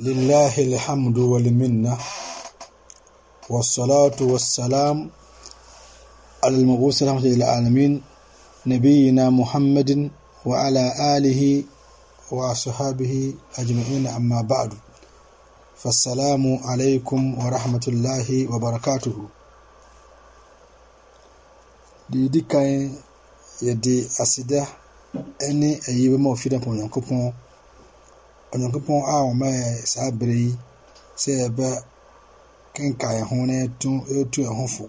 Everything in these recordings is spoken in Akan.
لله الحمد والمنة والصلاة والسلام على المبعوث رحمة للعالمين نبينا محمد وعلى آله وصحابه أجمعين أما بعد فالسلام عليكم ورحمة الله وبركاته دي كان يدي أسده أني أيبما وفيدا بنيانكوبون onyankopɔn a ɔmayɛ saa berɛ yi sɛ yɛbɛ kenka yɛn ho na yɛtu yɛn ho fo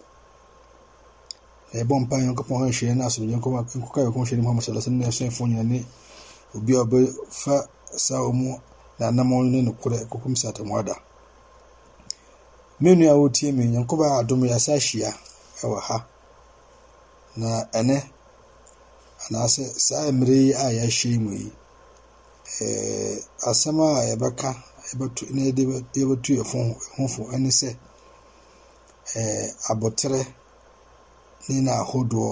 na yɛbɔ mpa nyankopɔn ho ahwɛ no asomdwe nkɔka yɛkɔ hwɛ no muhammad sallallahu alaihi wasallam fo nyane obi a ɔbɛfa saa ɔmu na anam ne nokorɛ kɔkɔm sɛ atamuada me nua a wɔtie me nyankopɔn a adom yɛ asa ahyia ɛwɔ ha na ɛnɛ anaasɛ saa mmerɛ a yɛahyia mu yi Eh, asɛm a yɛbɛka na yɛbɛtu yɛfo ho fo ne sɛ eh, aboterɛ ne na ahodoɔ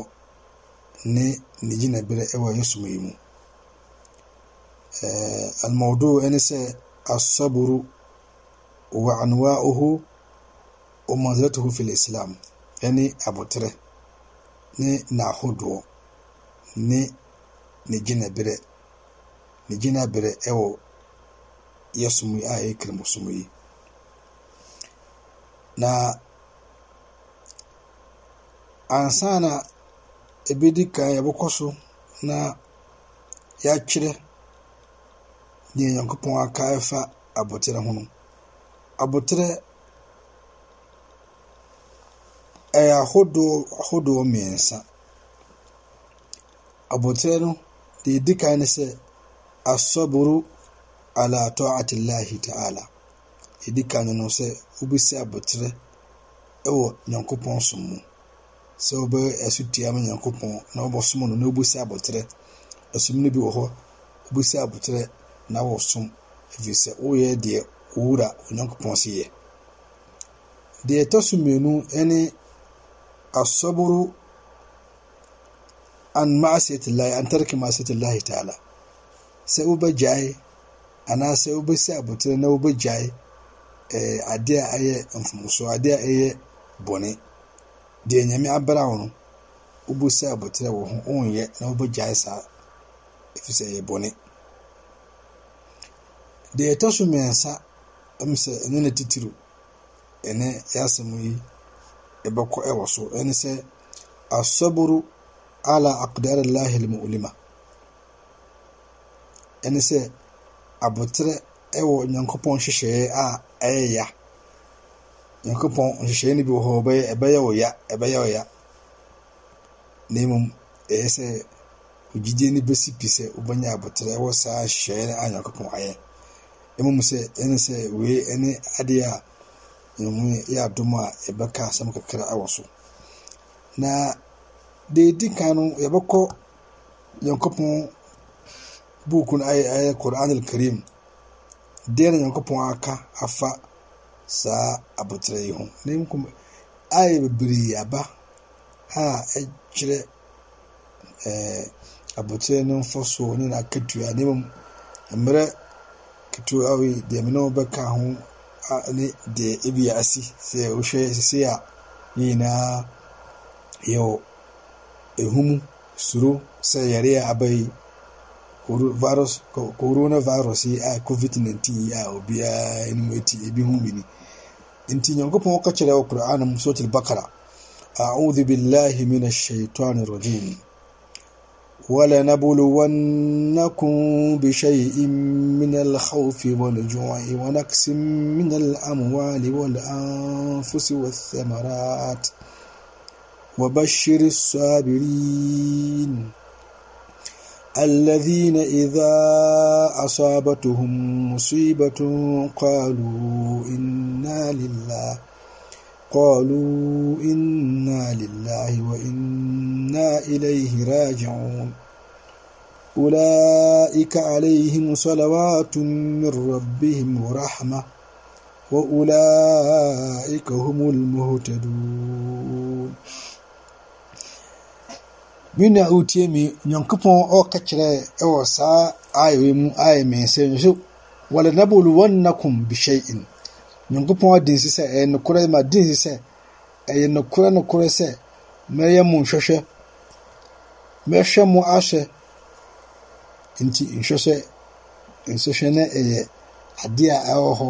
ne ne gyinaberɛ wɔ yɛ som yi mu almawdu ne sɛ asaburu wa anwa'uhu wa manzilatuhu fil islam ne aboterɛ ne n'ahodoɔ ne ne gyinaberɛ ne gyina bere, wɔ yɛsom yi a ɛyɛ e, kremosom yi na ansana na ɛbɛdi kan yɛbɛkɔ so na yɛatwerɛ nea nyankopɔn aka ɛfa abɔterɛ ho no abɔterɛ ɛyɛ ahodoɔ ahodoɔ mmiɛnsa abɔterɛ no deɛ ɛdi kan ne sɛ asọ́bùrú aláàtọ́ àti láàhì tààlà ebi ka no no sɛ wobɛsi abɔterɛ ɛwɔ nyankopɔn som mu sɛ wobɛyɛ ɛso tia ma nyankopɔn na wobɔsom no na wobɛsi abɔterɛ ɛsom no bi wɔ hɔ wobɛsi abɔterɛ na wɔsom ɛfiri sɛ woyɛ deɛ owura onyankopɔn se yɛ deɛ ɛtɔ so mmienu ne asɔboro an ma'asiyatillahi an tarki ma'asiyatillahi ta'ala sɛ wobɛgyae anaasɛ wobɛsi abotire na wobɛgyae ɛɛ eh, adeɛ a ɛyɛ mfomso adeɛ a ɛyɛ bɔne deɛ nyame abra wo no wobɛsi abotire wɔ ho wonyɛ na wobɛgyae saa ɛfiri sɛ ɛyɛ bɔne deɛ ɛtɔ so mmiɛnsa ɛmu sɛ ɛno na titiri ɛne yɛasɛm yi ɛbɛkɔ ɛwɔ so ɛne sɛ asɔboro ala akdarillahi almu'lima ɛne sɛ abotire ɛwɔ nyankopɔn nhyehyɛeɛ a ɛyɛ ya nyankopɔn nhyehyɛeɛ no bi wɔ hɔ ɛbɛyɛ ɛbɛyɛ wɔ ya ɛbɛyɛ wɔ ya na mmom ɛyɛ sɛ ogyidie no bɛsi pi sɛ wobɛnya abotire ɛwɔ saa nhyehyɛeɛ no a nyankopɔn ayɛ mmom sɛ ɛne sɛ wei ɛne adeɛ a ɛmu yɛ adom a yɛbɛka asɛm kakra ɛwɔ so na deɛ ɛdi kan no yɛbɛkɔ nyankopɔn buuku no ayɛ ayɛ quran alkarim deɛ na nyankopɔn aka afa saa abotire yi ho na nkum ayɛ bebree aba a ɛkyerɛ ɛɛ eh, abotire no mfɔsoɔ ne n'akatua ne mu mmerɛ ketewa a oyi deɛ mene wɔbɛka ho a ne deɛ ebi asi sɛ wohwɛ sisi a ne nyinaa yɛwɔ ehumu suro sɛ yɛre a virus coronavirus yi a ah, covid-19 yi a ah, obiara anim ah, eti ebi ho mini nti nyankopɔn ka kyerɛ wɔ qur'an mu sotil bakara a'udhu billahi minash shaitani rajim ولنبلونكم بشيء من الخوف والجوع ونقص من الأموال wa والثمرات وبشر الصابرين الذين إذا أصابتهم مصيبة قالوا إنا لله قالوا إنا لله وإنا إليه راجعون أولئك عليهم صلوات من ربهم ورحمة وأولئك هم المهتدون nwene a ɔretie me nyankopɔn ɔreka kyerɛ ɛwɔ saa ayɛwɛ mu ayɛ mmiɛnsa yi nso wɔlenaboluwannakum bishaiin nyankopɔn adensi sɛ ɛyɛ nokorɛ ma densi sɛ ɛyɛ nokorɛ nokorɛ sɛ mɛyɛ mo nhwɛhwɛ mɛhwɛ mo ahwɛ nti nhwɛhwɛ nsɛhwɛ no ɛyɛ adeɛ a ɛwɔ hɔ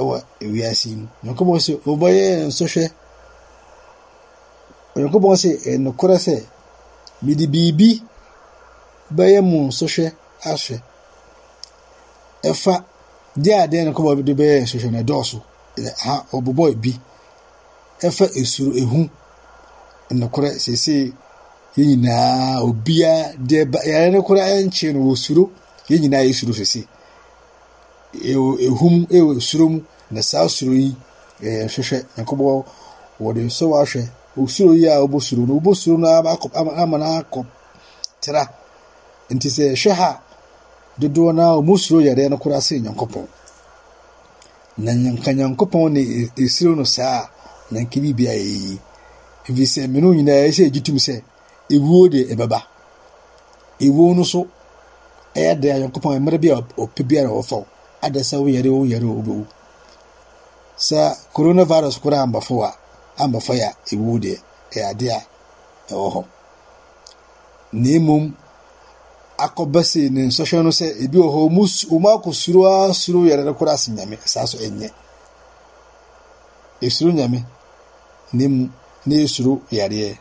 ɛwɔ ewiase yi mu nyankopɔn sɛ ɔbɛyɛ nsɛhwɛ nyankopɔn sɛ ɛyɛ nokorɛ sɛ mede biribi bɛyɛ mu nsohwɛ ahyɛ ɛfa deɛ adeɛ no kɔba de bɛyɛ nsohwɛ no ɛdɔɔso ha ɔbobɔ bi ɛfa esuro ehu nnokorɛ seesei yɛn nyinaa obiara deɛ ba yɛn no koraa ɛnkyɛn no wɔsuro yɛn nyinaa yɛsuro seesei ɛwɔ ehum ɛwɔ suro mu na saa suro yi ɛyɛ nhwehwɛ nkɔbɔ wɔde nso ahwɛ osuro yi a wobɔsuro no wobɔsuro no ama no akɔ tra nti sɛ ɛhwɛ ha dodoɔ no a ɔmɔsuro yɛreɛ no koraa sɛ nyankopɔn na nka nyankopɔn ne ɛsiro e, no saa a na nka biribia ɛyɛyi ɛfiri sɛ mene nyinaa ɛsɛ ɛgye tum sɛ ɛwuo de ɛbɛba ɛwuo no so ɛyɛ de a nyankopɔn mmerɛ bi a ɔpɛ biara ɔwɔfa wo adɛ sɛ woyɛre wo woyɛre wo wobɛwu sɛ coronavirus koraa ambafo a amafa ya iwu deɛ ɛyɛ adeɛ a ɛwɔ hɔ na mmom akɔba ne nsɔhwɛ no sɛ ebi wɔ hɔ ɔmo soro asuro yɛrɛ no koraa nyame saa so ɛnyɛ nyame na emu na esuro yareɛ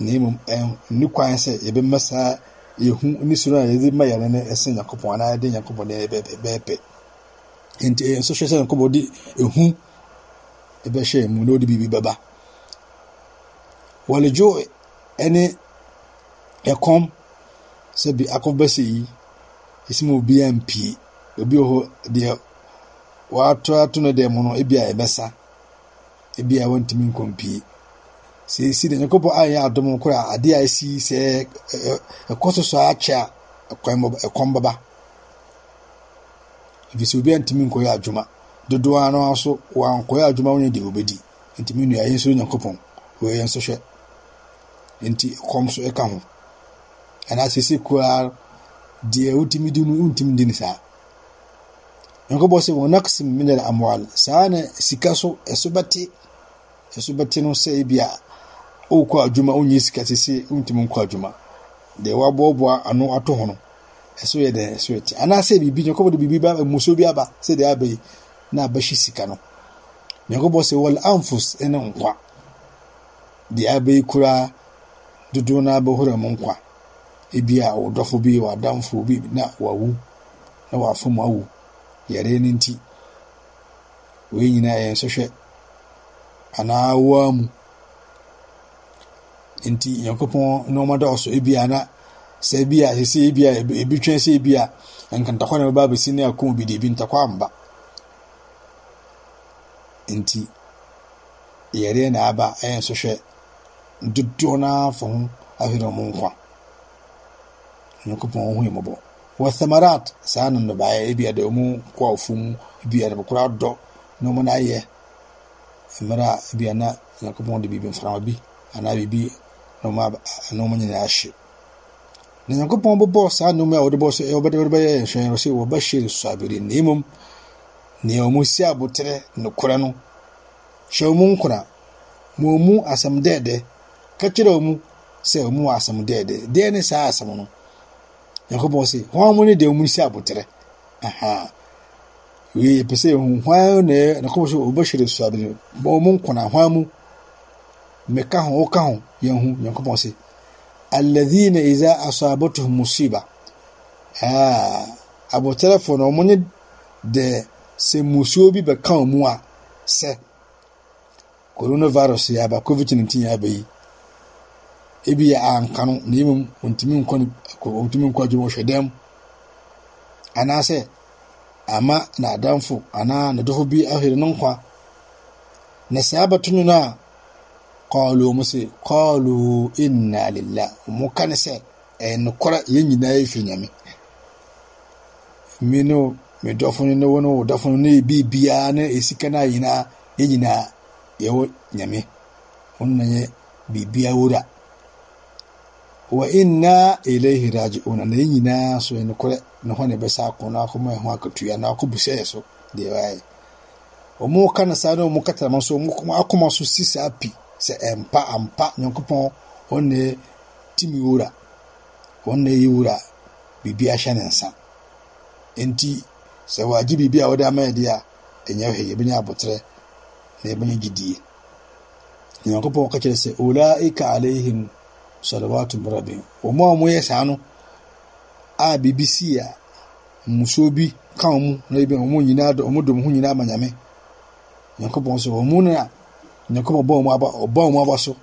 na emu ɛn ne kwan sɛ yɛbɛma saa ehu ne a yɛde ma no ɛsɛ nyakopɔn anaa nyakopɔn nti nsɔhwɛ sɛ nyakopɔn de ehu. ɛbɛhyɛ mu na ɔde biribi bɛba wɔledwo ɛne ɛkɔm sɛ bi akɔbɛsɛ yi esi mu obi ampie obi wɔ hɔ deɛ wato ato no dɛm no ebi a ɛbɛsa ebi a wɔntumi nkɔmpie seesi na nyakopɔ ayɛ adom kora adeɛ a esi sɛ ɛkɔ e, e, so akyɛ a ɛkɔm baba ebi obi antumi nkɔyɛ adwuma dodoɔ ara nso wɔankɔyɛ adwuma wɔn deɛ wɔbɛdi nti mi nua yɛn nso nyankopɔn wɔyɛ yɛn nso hwɛ nti kɔm so ka ho ɛna sisi koraa deɛ wotumi di no wontumi di no saa nyankopɔn sɛ wɔn naksim minal amwal saa na sika so ɛso bɛte ɛso bɛte no sɛ ebi a adwuma ɔnyɛ sika sisi wontumi nkɔ adwuma deɛ waboaboa ano ato ho no ɛso yɛ dɛ ɛso yɛ te anaasɛ biribi nyankopɔn de biribi ba musuo bi aba sɛ deɛ aba yi n'abɛhwe sika no nyankopɔn sɛ wɔl amfos ne nkwa deɛ abɛyi koraa dodoɔ no abɛhora mu nkwa ebi a wɔdɔfo bi wɔadamfo bi na wawu na wɔafom awu yɛre no nti wei nyinaa yɛn hwehwɛ anaa waa mu nti nyankopɔn nneɛma dɔɔso ebi ana sɛ ebi a sɛ ebi a ebi twɛn sɛ ebi a nkantakwa na ɛbɛba abɛsi ne akɔn bi de ebi ntakwa amba nti yareɛ na aba ɛyɛ nso hwɛ dodoɔ naa fa ho ahwere ɔmo nkwa nyankopɔn ɔho yɛ mmɔbɔ wɔ thamarat saa no nnɔbaeɛ ebia deɛ ɔmo kɔ afo mu ebia de bɛkora dɔ na ɔmo no ayɛ mmerɛ a ebia na nyankopɔn de biribi mframa bi anaa biribi na ɔmo na ɔmo nyinaa ahye na nyankopɔn bɛbɔ saa nnɔm a wɔde bɔ so ɛwɔ bɛyɛ nhwɛn wɔ sɛ wɔbɛhyɛ sabirin na mmom nea wɔn si abotire nokorɛ no hyɛ wɔn nkora ma wɔn asɛm dɛɛdɛ kɛkyerɛ wɔn sɛ wɔn wɔ asɛm dɛɛdɛ deɛ ne saa asɛm no nyankopɔn sɛ wɔn mo ne deɛ wɔn si abotire ahaa wei pɛ sɛ hwan na yɛ nakɔmɔ sɛ wɔbɛhyerɛ suabere ma wɔn nkora hwan mu mɛka ho wɔka ho yɛn ho nyankopɔn sɛ alladhina idza asabatuhum musiba aa abotire fo na wɔn ne deɛ. sɛ musuo bi bɛka wo mu a sɛ coronavirus yɛ aba covid-19 yɛ aba yi ebi yɛ anka no na mmom ntumi nkɔ ne ɔntumi nkɔ adwuma ɔhwɛ dɛm anaasɛ ama n'adamfo anaa ne dɔfo bi ahwere ne nkwa na saa abɛto no no a kɔɔlo mu sɛ kɔɔlo inna lila ɔmo ka ne sɛ ɛyɛ nokorɛ yɛn nyinaa yɛ firi nyame mmino me dɔfo ne wo ne wo dɔfo ne biribiara ne esika no a nyinaa yɛwɔ nyame ɔno na yɛ biribiara wura wa inna ilayhi raji'una na nyinaa so ɛno korɛ ne ho ne bɛsa akɔ no akɔma ɛho akatua na akɔbu sɛ yɛ so deɛ wayɛ ɔmo ka na saa na ɔmo katarama so ɔmo akoma so si saa pi sɛ ɛmpa ampa nyankopɔn ɔne timi wura ɔne yi wura biribi ahyɛ ne nsa nti sɛ wɔagye biribi a wɔde ama ya deɛ a ɛnyɛ hwɛ yɛbɛnya abotire na yɛbɛnya gyidie nyankopɔn ka kyerɛ sɛ ulaika alaihim salawatu rabbihim wɔn a wɔyɛ saa no a biribi a mmusuo bi ka wɔn mu na ebi ọmụ nyinaa wɔn dɔm ho nyinaa ama nyame nyankopɔn sɛ no a nyankopɔn aba ɔbɔ aba so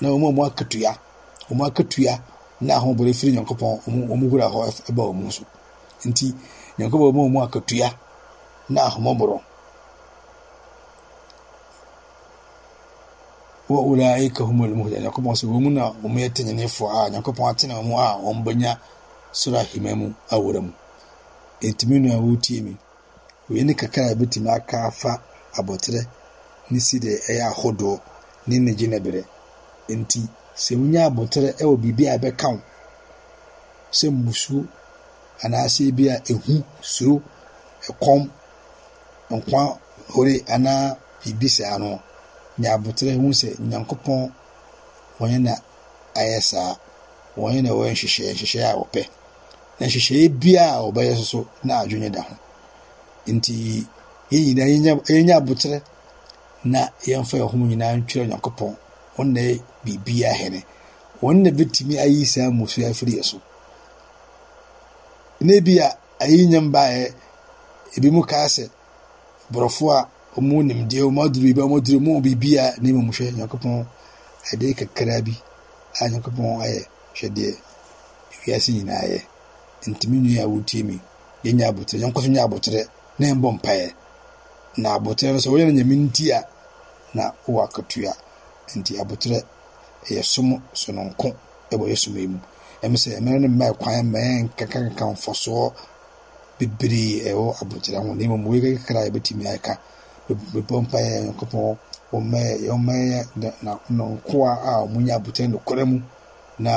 na wɔn a na ahụ firi nyankopɔn wura hɔ ɛba nyankopɔn mu mu akatua na ahomɔborɔ ka ulaika humul hɔ nyankopɔn sɛ wɔ mu na wɔn yɛ tenyenefoɔ a nyankopɔn atena mu a wɔn bɛnya soro ahima mu awura mu ntumi nua wɔretie mi wei ne kakra a ɛbɛtumi aka afa abɔterɛ ne si de ɛyɛ ahodoɔ ne ne gyina berɛ nti sɛ wonya abɔterɛ ɛwɔ biribi a ɛbɛka wo sɛ musuo. anaasɛ ebi a ehu suro ɛkɔm nkwa hore anaa biribi saa no nya abotire ho sɛ nyankopɔn wɔn na ayɛ saa wɔn na wɔyɛ nhyehyɛ nhyehyɛ a wɔpɛ na nhyehyɛ biara a wɔbɛyɛ soso na adwene da ho nti yɛn nyinaa yɛnyɛ abotire na yɛmfa yɛn ho nyinaa ntwerɛ nyankopɔn wɔn na yɛ biribi ahene wɔn na bɛtumi ayi saa mmusuo afiri yɛ so na bi a ayi nyam baeɛ ebi mu kaa sɛ borɔfo a ɔmo nimdeɛ ɔmo aduru bi ɔmo aduru ɔmo biribi a ne mu hwɛ nyankopɔn ade kakra bi a nyankopɔn ayɛ hwɛdeɛ ewiase nyinaa yɛ ntumi nua a wotie mi yɛnya abotire yɛn nkoso nya abotire na yɛn mpaeɛ na abotire no sɛ wɔyɛ no nyame nti a na wɔwɔ akatua nti abotire ɛyɛ som sononko ɛwɔ yɛ som yi mu ɛmu sɛ mmerɛ no mmaa kwan mmaa nkakakaka mfɔsoɔ bebree ɛwɔ abotire ho na mmom wei kakra a yɛbɛtumi aka bɛbɔ mpa yɛ nyankopɔn wɔmmɛyɛ yɛmmɛyɛ nankoa a wɔnya abotire nokorɛ mu na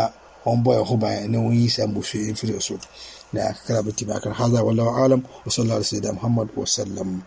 wɔmbɔ yɛ eh, ho ban eh, na wɔnyi saa mbosua eh, mfiri so na kakra bɛtumi aka hada wallahu alam wa sallallahu alaihi wa sallam